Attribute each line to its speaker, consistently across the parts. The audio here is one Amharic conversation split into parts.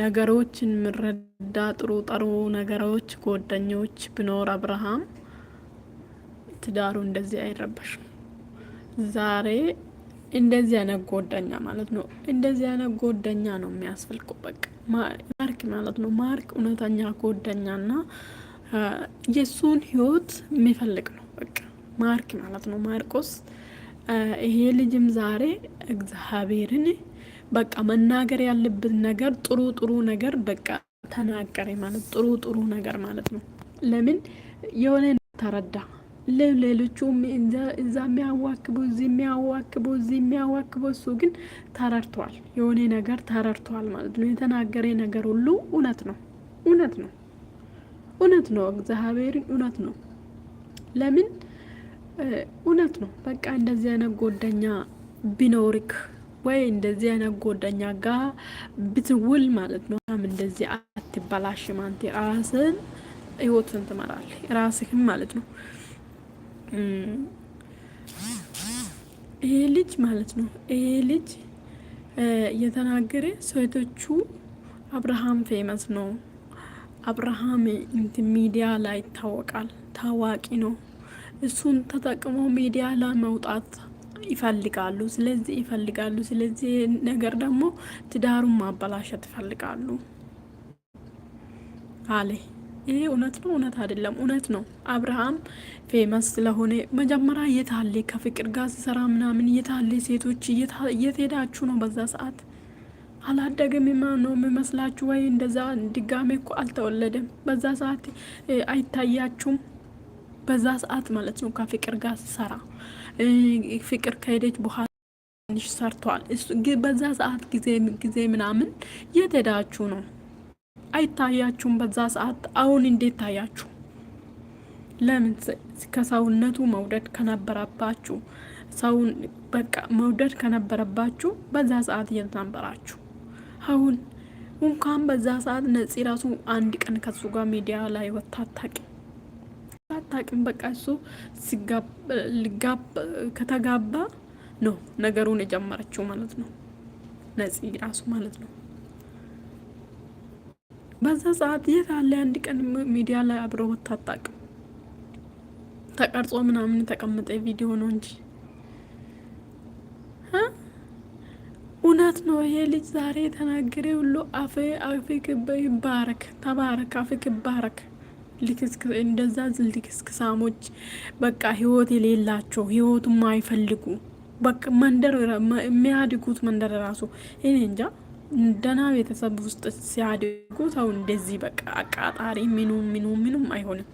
Speaker 1: ነገሮችን ምረዳ ጥሩ ጥሩ ነገሮች ጓደኞች ብኖር አብርሃም ትዳሩ እንደዚህ አይረበሽም። ዛሬ እንደዚህ አይነት ጓደኛ ማለት ነው፣ እንደዚህ አይነት ጓደኛ ነው የሚያስፈልቁ። በቃ ማርክ ማለት ነው። ማርክ እውነተኛ ጓደኛና የእሱን ህይወት የሚፈልግ ነው። በቃ ማርክ ማለት ነው። ማርቆስ ይሄ ልጅም ዛሬ እግዚአብሔርን በቃ መናገር ያለብን ነገር ጥሩ ጥሩ ነገር በቃ ተናገረ ማለት ጥሩ ጥሩ ነገር ማለት ነው። ለምን የሆነ ተረዳ ለሌሎቹ እዛ የሚያዋክቡ እዚህ የሚያዋክቡ እዚህ የሚያዋክቡ እሱ ግን ተረድተዋል። የሆነ ነገር ተረድተዋል ማለት ነው። የተናገረ ነገር ሁሉ እውነት ነው፣ እውነት ነው፣ እውነት ነው። እግዚአብሔርን እውነት ነው። ለምን እውነት ነው። በቃ እንደዚህ አይነት ጎደኛ ቢኖርክ ወይ እንደዚህ አይነት ጎደኛ ጋ ብትውል ማለት ነው። እንደዚህ አትበላሽም። አንተ ራስን ህይወትን ትመራል ራስህም ማለት ነው። ይሄ ልጅ ማለት ነው ይሄ ልጅ የተናገረ ሴቶቹ አብርሃም ፌመስ ነው፣ አብርሃም እንትን ሚዲያ ላይ ይታወቃል፣ ታዋቂ ነው። እሱን ተጠቅሞ ሚዲያ ላይ መውጣት ይፈልጋሉ ስለዚህ ይፈልጋሉ ስለዚህ ነገር ደግሞ ትዳሩን ማበላሸት ይፈልጋሉ አለ። ይሄ እውነት ነው? እውነት አይደለም? እውነት ነው። አብርሃም ፌመስ ስለሆነ መጀመሪያ የታለ ከፍቅር ጋር ሲሰራ ምናምን እየታለ ሴቶች እየተሄዳችሁ ነው በዛ ሰዓት አላደገም ነው የሚመስላችሁ ወይ? እንደዛ ድጋሜ እኮ አልተወለደም በዛ ሰዓት አይታያችሁም? በዛ ሰዓት ማለት ነው ከፍቅር ጋር ሰራ ፍቅር ከሄደች በኋላ ትንሽ ሰርቷል። በዛ ሰዓት ጊዜ ምናምን የት ሄዳችሁ ነው? አይታያችሁም በዛ ሰዓት። አሁን እንዴት ታያችሁ? ለምን ከሰውነቱ መውደድ ከነበረባችሁ ሰውን በቃ መውደድ ከነበረባችሁ በዛ ሰዓት የት ነበራችሁ? አሁን እንኳን በዛ ሰዓት ነፂ ራሱ አንድ ቀን ከሱ ጋር ሚዲያ ላይ ወታ አታውቅም። በቃ እሱ ከተጋባ ነው ነገሩን የጀመረችው ማለት ነው፣ ነጽ ራሱ ማለት ነው። በዛ ሰዓት የት አለ አንድ ቀን ሚዲያ ላይ አብረ ወታ አታውቅም። ተቀርጾ ምናምን የተቀመጠ ቪዲዮ ነው እንጂ እውነት ነው። ይሄ ልጅ ዛሬ የተናገረ ሁሉ አፌ አፌ ይባረክ፣ ተባረክ፣ አፌ ይባረክ ልክስክ እንደዛ ልክስክሳሞች በቃ ህይወት የሌላቸው ህይወቱ ማይፈልጉ በቃ መንደር የሚያድጉት መንደር ራሱ እኔ እንጃ ደህና ቤተሰብ ውስጥ ሲያድጉ ሰው እንደዚህ በቃ አቃጣሪ ምኑም ምኑም ምኑም አይሆንም።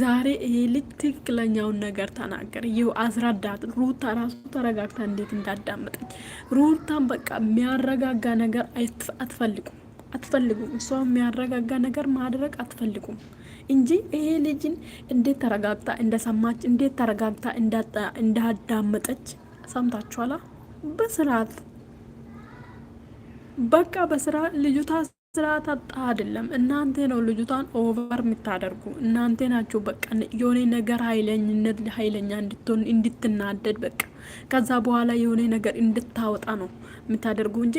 Speaker 1: ዛሬ ይሄ ልጅ ትክክለኛውን ነገር ተናገር። ይው አስረዳት። ሩታ ራሱ ተረጋግታ እንዴት እንዳዳመጠች ሩታን በቃ የሚያረጋጋ ነገር አትፈልጉ አትፈልጉም። እሷ የሚያረጋጋ ነገር ማድረግ አትፈልጉም እንጂ ይሄ ልጅን እንዴት ተረጋግታ እንደሰማች እንዴት ተረጋግታ እንዳዳመጠች ሰምታችኋላ። በስርዓት በቃ በስራ ልጅቷ ስርዓት አጣ አይደለም። እናንተ ነው ልጅቷን ኦቨር የምታደርጉ እናንተ ናችሁ። በቃ የሆነ ነገር ኃይለኝነት ኃይለኛ እንድትሆን እንድትናደድ በቃ ከዛ በኋላ የሆነ ነገር እንድታወጣ ነው የምታደርጉ እንጂ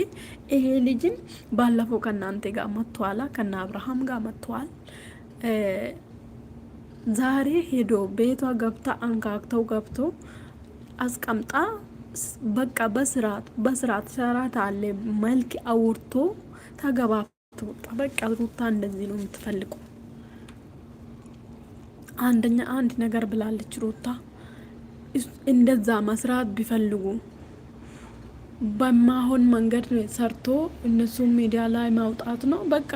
Speaker 1: ይሄ ልጅን ባለፈው ከእናንተ ጋር መጥተዋላ፣ ከነ አብርሃም ጋር መጥተዋል። ዛሬ ሄዶ ቤቷ ገብታ አንካክተው ገብቶ አስቀምጣ በቃ በስርዓት በስርዓት ሰራት አለ መልክ አውርቶ ተገባቶ በቃ ሩታ እንደዚህ ነው የምትፈልጉ። አንደኛ አንድ ነገር ብላለች ሩታ እንደዛ መስራት ቢፈልጉ በማሆን መንገድ ሰርቶ እነሱ ሚዲያ ላይ ማውጣት ነው፣ በቃ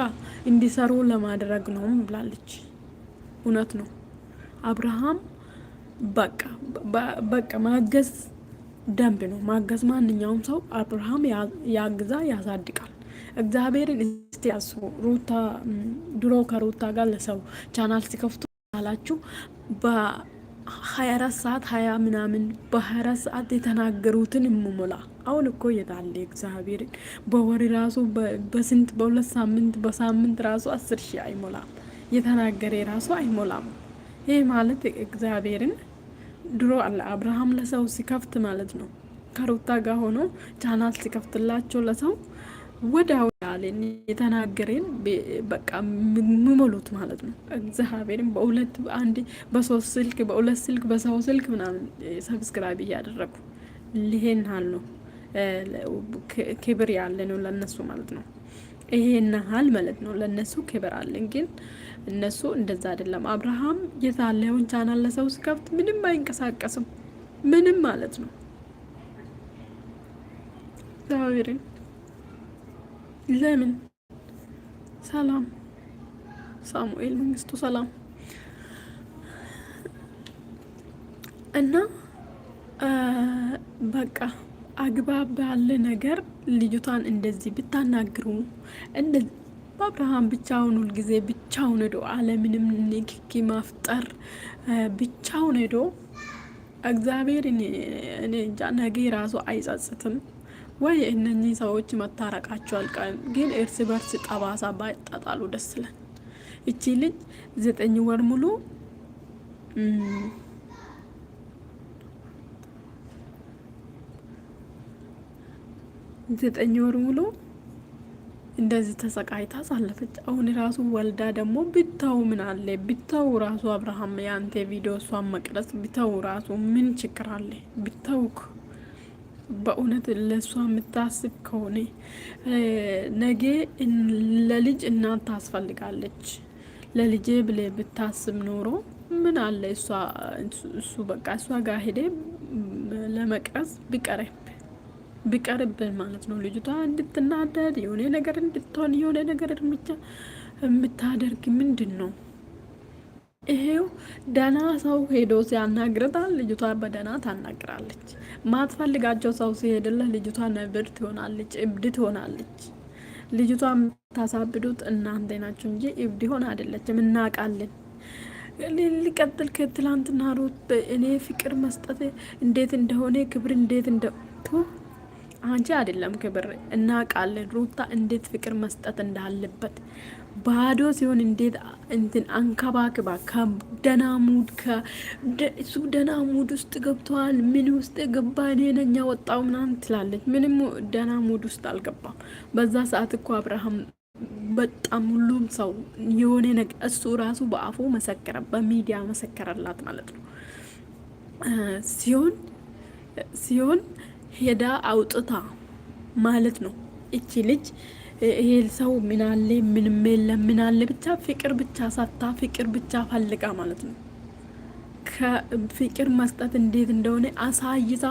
Speaker 1: እንዲሰሩ ለማድረግ ነው ብላለች። እውነት ነው። አብርሃም በቃ በቃ ማገዝ ደንብ ነው። ማገዝ ማንኛውም ሰው አብርሃም ያግዛ ያሳድቃል። እግዚአብሔርን እስቲ ያስቡ። ሩታ ድሮ ከሩታ ጋር ለሰው ቻናል ሲከፍቱ አላችሁ በ24 ሰዓት ሀያ ምናምን በ24 ሰዓት የተናገሩትን እምሞላ አሁን እኮ የጣለ እግዚአብሔር በወር ራሱ በስንት በሁለት ሳምንት በሳምንት ራሱ አስር ሺህ አይሞላም። የተናገረ ራሱ አይሞላም። ይህ ማለት እግዚአብሔርን ድሮ አብርሃም ለሰው ሲከፍት ማለት ነው ከሩታ ጋር ሆኖ ቻናል ሲከፍትላቸው ለሰው ወዳው ያለን የተናገረን በቃ የምሞሉት ማለት ነው። እግዚአብሔርን በሁለት በአንድ በሶስት ስልክ በሁለት ስልክ በሰው ስልክ ምናምን ሰብስክራይብ እያደረጉ ሊሄን ነው። ክብር ያለ ነው ለነሱ ማለት ነው። ይሄ ናሃል ማለት ነው ለነሱ ክብር አለን። ግን እነሱ እንደዛ አይደለም። አብርሃም የታለውን ቻናል ለሰው ሲከፍት ምንም አይንቀሳቀስም። ምንም ማለት ነው እግዚአብሔርን ለምን ሰላም ሳሙኤል መንግስቱ ሰላም እና በቃ አግባብ ባለ ነገር ልጅቷን እንደዚህ ብታናግሩ በአብርሃም ብቻውን ሁልጊዜ ብቻውን ሄዶ አለምንም ንክኪ ማፍጠር ብቻውን ሄዶ እግዚአብሔር እኔ እንጃ ነገ ራሱ አይጸጽትም ወይ? እነኚህ ሰዎች መታረቃቸው አልቃል፣ ግን እርስ በርስ ጠባሳ ባይጣጣሉ ደስ ይለን። እቺ ልጅ ዘጠኝ ወር ሙሉ ዘጠኝ ወር ሙሉ እንደዚህ ተሰቃይታ ሳለፈች። አሁን ራሱ ወልዳ ደግሞ ብታው ምን አለ ብታው ራሱ አብርሃም የአንተ ቪዲዮ እሷን መቅረጽ ብታው ራሱ ምን ችግር አለ ብታውክ በእውነት ለእሷ የምታስብ ከሆነ ነገ ለልጅ እናት ታስፈልጋለች። ለልጄ ብለ ብታስብ ኖሮ ምን አለ እሷ እሱ በቃ እሷ ጋር ሄደ ለመቅረጽ ብቀረብ ቢቀርብን ማለት ነው ልጅቷ እንድትናደድ የሆነ ነገር እንድትሆን የሆነ ነገር እርምጃ የምታደርግ ምንድን ነው? ይሄው ደና ሰው ሄዶ ሲያናግረታል፣ ልጅቷ በደና ታናግራለች። ማትፈልጋቸው ሰው ሲሄድልህ ልጅቷ ነብር ትሆናለች፣ እብድ ትሆናለች። ልጅቷ የምታሳብዱት እናንተ ናቸው እንጂ እብድ ሆን አይደለችም፣ እናውቃለን። ሊቀጥል ከትላንትና ሩት እኔ ፍቅር መስጠት እንዴት እንደሆነ ክብር እንዴት እንደ አንቺ አይደለም ክብር እናውቃለን። ሩታ እንዴት ፍቅር መስጠት እንዳለበት ባዶ ሲሆን እንዴት እንትን አንከባክባ ከደና ሙድ እሱ ደና ሙድ ውስጥ ገብተዋል። ምን ውስጥ ገባ? እኔ ነኝ ያወጣው ምናምን ትላለች። ምንም ደና ሙድ ውስጥ አልገባም። በዛ ሰዓት እኮ አብርሃም በጣም ሁሉም ሰው የሆነ ነገ እሱ ራሱ በአፉ መሰከረ፣ በሚዲያ መሰከረላት ማለት ነው ሲሆን ሲሆን ሄዳ አውጥታ ማለት ነው። እቺ ልጅ ይሄ ሰው ምናለ ምንም የለም ምናለ ብቻ ፍቅር ብቻ ሳታ ፍቅር ብቻ ፈልጋ ማለት ነው። ከፍቅር መስጠት እንዴት እንደሆነ አሳይታ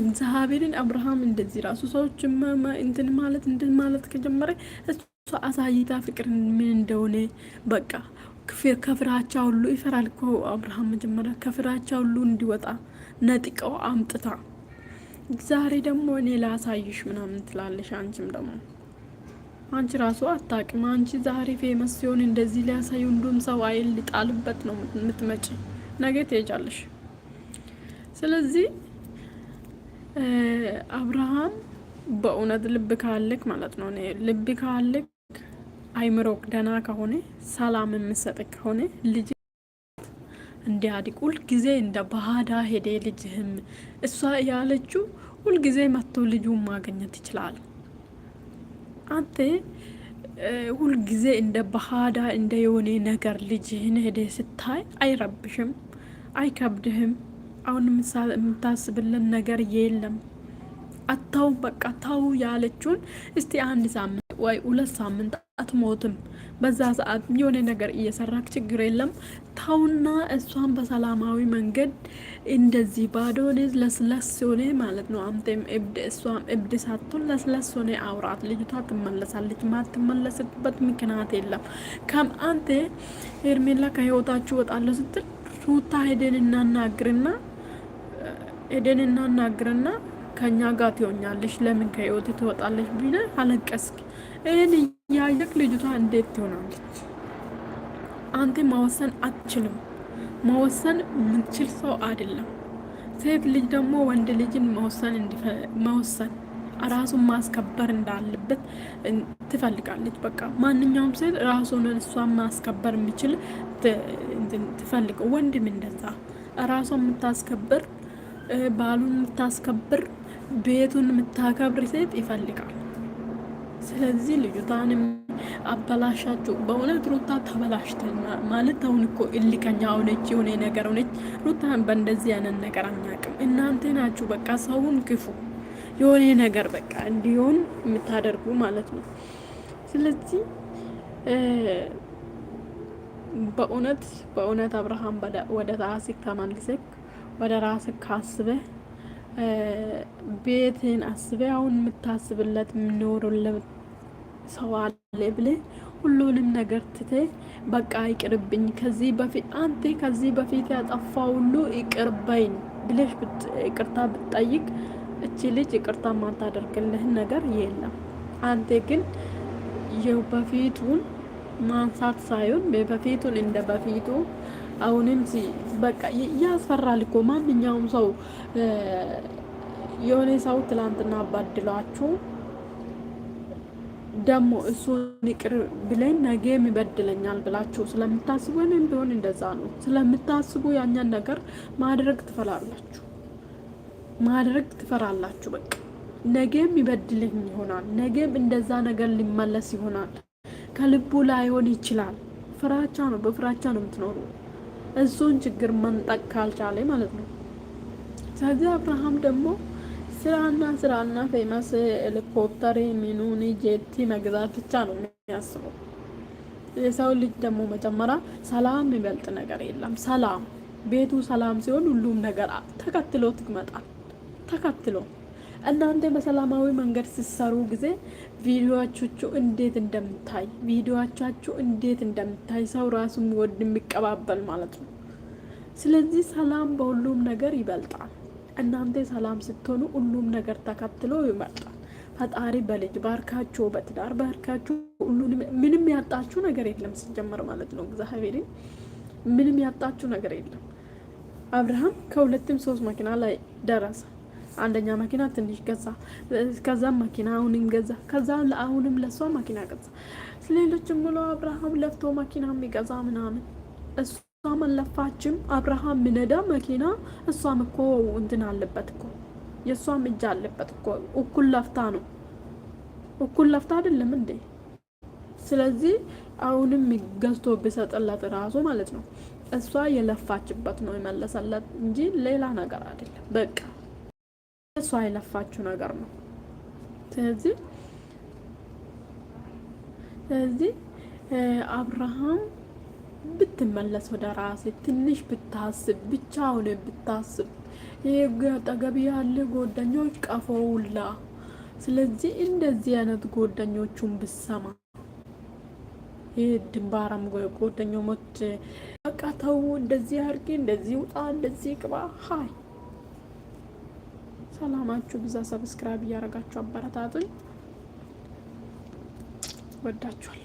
Speaker 1: እግዚአብሔርን አብርሃም እንደዚህ ራሱ ሰዎች እንትን ማለት እንትን ማለት ከጀመረ እሱ አሳይታ ፍቅር ምን እንደሆነ በቃ ከፍራቻ ሁሉ ይፈራል እኮ አብርሃም መጀመሪያ ከፍራቻ ሁሉ እንዲወጣ ነጥቀው አምጥታ ዛሬ ደግሞ እኔ ላሳይሽ ምናምን ትላለሽ። አንቺም ደግሞ አንቺ ራሱ አታቅም። አንቺ ዛሬ ፌመስ ሲሆን እንደዚህ ሊያሳዩ እንዱም ሰው አይል ሊጣልበት ነው የምትመጪ፣ ነገ ትሄጃለሽ። ስለዚህ አብርሃም በእውነት ልብ ካልክ ማለት ነው እኔ ልብ ካልክ አይምሮክ ደህና ከሆነ ሰላም የምሰጥ ከሆነ ልጅ እንዲያድግ ሁልጊዜ እንደ ባህዳ ሄደ ልጅህም እሷ ያለችው ሁልጊዜ መጥቶ ልጁን ማገኘት ይችላል። አንተ ሁልጊዜ እንደ ባህዳ እንደ የሆነ ነገር ልጅህን ሄደ ስታይ አይረብሽም፣ አይከብድህም። አሁን የምታስብልን ነገር የለም። አታው በቃ ታው ያለችውን እስቲ አንድ ሳምንት ወይ ሁለት ሳምንት አትሞትም። በዛ ሰዓት የሆነ ነገር እየሰራክ ችግር የለም ታውና እሷን በሰላማዊ መንገድ እንደዚህ ባዶ ሆነ ለስለስ ሆነ ማለት ነው። አንተም እብድ እሷም እብድ ሳትሆን ለስለስ ሆነ አውራት። ልጅቷ ትመለሳለች። ማትመለስበት ምክንያት የለም። ከም አንተ ሄርሜላ ከህይወታችሁ ወጣለሁ ስትል ሩታ ሄደን እናናግርና ሄደን እናናግርና ከኛ ጋር ትሆኛለች። ለምን ከህይወት ትወጣለች ብለህ አለቀስክ። ይህን እያየክ ልጅቷ እንዴት ትሆናለች? አንተ ማወሰን አትችልም። መወሰን የምትችል ሰው አይደለም። ሴት ልጅ ደግሞ ወንድ ልጅን መወሰን መወሰን ራሱን ማስከበር እንዳለበት ትፈልጋለች። በቃ ማንኛውም ሴት ራሱን እሷን ማስከበር የሚችል ትፈልግ። ወንድም እንደዛ ራሷን የምታስከብር ባሉን የምታስከብር ቤቱን የምታከብር ሴት ይፈልጋል። ስለዚህ ልጅቷንም አበላሻችሁ። በእውነት ሩታ ተበላሽተና ማለት አሁን እኮ እልከኛ ሆነች፣ የሆነ ነገር ሆነች። ሩታን በእንደዚህ ያንን ነገር አናቅም። እናንተ ናችሁ በቃ ሰውን ክፉ የሆነ ነገር በቃ እንዲሆን የምታደርጉ ማለት ነው። ስለዚህ በእውነት በእውነት አብርሃም ወደ ራስህ ተመልሰህ ወደ ራስህ ካስበህ ቤትን አስበ አሁን የምታስብለት የምኖሩለት ሰው አለ ብለ ሁሉንም ነገር ትተ በቃ ይቅርብኝ፣ ከዚህ በፊት አንተ ከዚህ በፊት ያጠፋ ሁሉ ይቅርበኝ ብለሽ ይቅርታ ብትጠይቅ እቺ ልጅ ይቅርታ ማታደርግልህ ነገር የለም። አንተ ግን የበፊቱን ማንሳት ሳይሆን በፊቱን እንደ በፊቱ አሁንም በቃ ያስፈራል እኮ ማንኛውም ሰው የሆነ ሰው ትላንትና አባድሏችሁ ደግሞ እሱን ይቅር ብለን ነገም ይበድለኛል ብላችሁ ስለምታስቡ ወይም ቢሆን እንደዛ ነው ስለምታስቡ ያኛን ነገር ማድረግ ትፈራላችሁ፣ ማድረግ ትፈራላችሁ። በቃ ነገም ይበድልኝ ይሆናል፣ ነገም እንደዛ ነገር ሊመለስ ይሆናል፣ ከልቡ ላይሆን ይችላል። ፍራቻ ነው፣ በፍራቻ ነው የምትኖሩ። እሱን ችግር መንጠቅ ካልቻለ ማለት ነው። ስለዚህ አብርሃም ደግሞ ስራና ስራና ፌመስ ሄሊኮፕተር ሚኑኒ ጄቲ መግዛት ብቻ ነው የሚያስበው። የሰው ልጅ ደግሞ መጀመሪያ ሰላም ይበልጥ ነገር የለም። ሰላም ቤቱ ሰላም ሲሆን ሁሉም ነገር ተከትሎት ይመጣል። ተከትሎ እናንተ በሰላማዊ መንገድ ስትሰሩ ጊዜ ቪዲዮቻችሁ እንዴት እንደምታይ ቪዲዮቻችሁ እንዴት እንደምታይ ሰው ራሱ ወድ የሚቀባበል ማለት ነው። ስለዚህ ሰላም በሁሉም ነገር ይበልጣል። እናንተ ሰላም ስትሆኑ ሁሉም ነገር ተከትሎ ይመጣል። ፈጣሪ በልጅ ባርካችሁ፣ በትዳር ባርካችሁ። ሁሉንም ምንም ያጣችሁ ነገር የለም ሲጀመር ማለት ነው። እግዚአብሔርን ምንም ያጣችሁ ነገር የለም። አብርሃም ከሁለትም ሶስት መኪና ላይ ደረሰ። አንደኛ መኪና ትንሽ ገዛ፣ ከዛም መኪና አሁንም ገዛ፣ ከዛ አሁንም ለሷ መኪና ገዛ። ሌሎችም ብሎ አብርሃም ለፍቶ መኪና የሚገዛ ምናምን እሷ መለፋችም አብርሃም ምነዳ መኪና እሷም እኮ እንትን አለበት እኮ የእሷም እጅ አለበት እኮ እኩል ለፍታ ነው እኩል ለፍታ አይደለም እንዴ? ስለዚህ አሁንም ገዝቶ ብሰጥለት ራሱ ማለት ነው እሷ የለፋችበት ነው የመለሰለት እንጂ ሌላ ነገር አይደለም በቃ እሷ የለፋችሁ ነገር ነው። ስለዚህ ስለዚህ አብርሃም ብትመለስ ወደ ራሴ ትንሽ ብታስብ ብቻ ሆነ ብታስብ ጠገብ ያለ ጓደኞች ውላ ስለዚህ እንደዚህ አይነት ጓደኞቹን ብሰማ ይህ ድንባራም ጓደኞሞች በቃ ተው፣ እንደዚህ አርጊ፣ እንደዚህ ውጣ፣ እንደዚህ ቅባ ሀይ ሰላማችሁ ብዛ። ሰብስክራይብ እያረጋችሁ አበረታቱኝ። ወዳችኋል።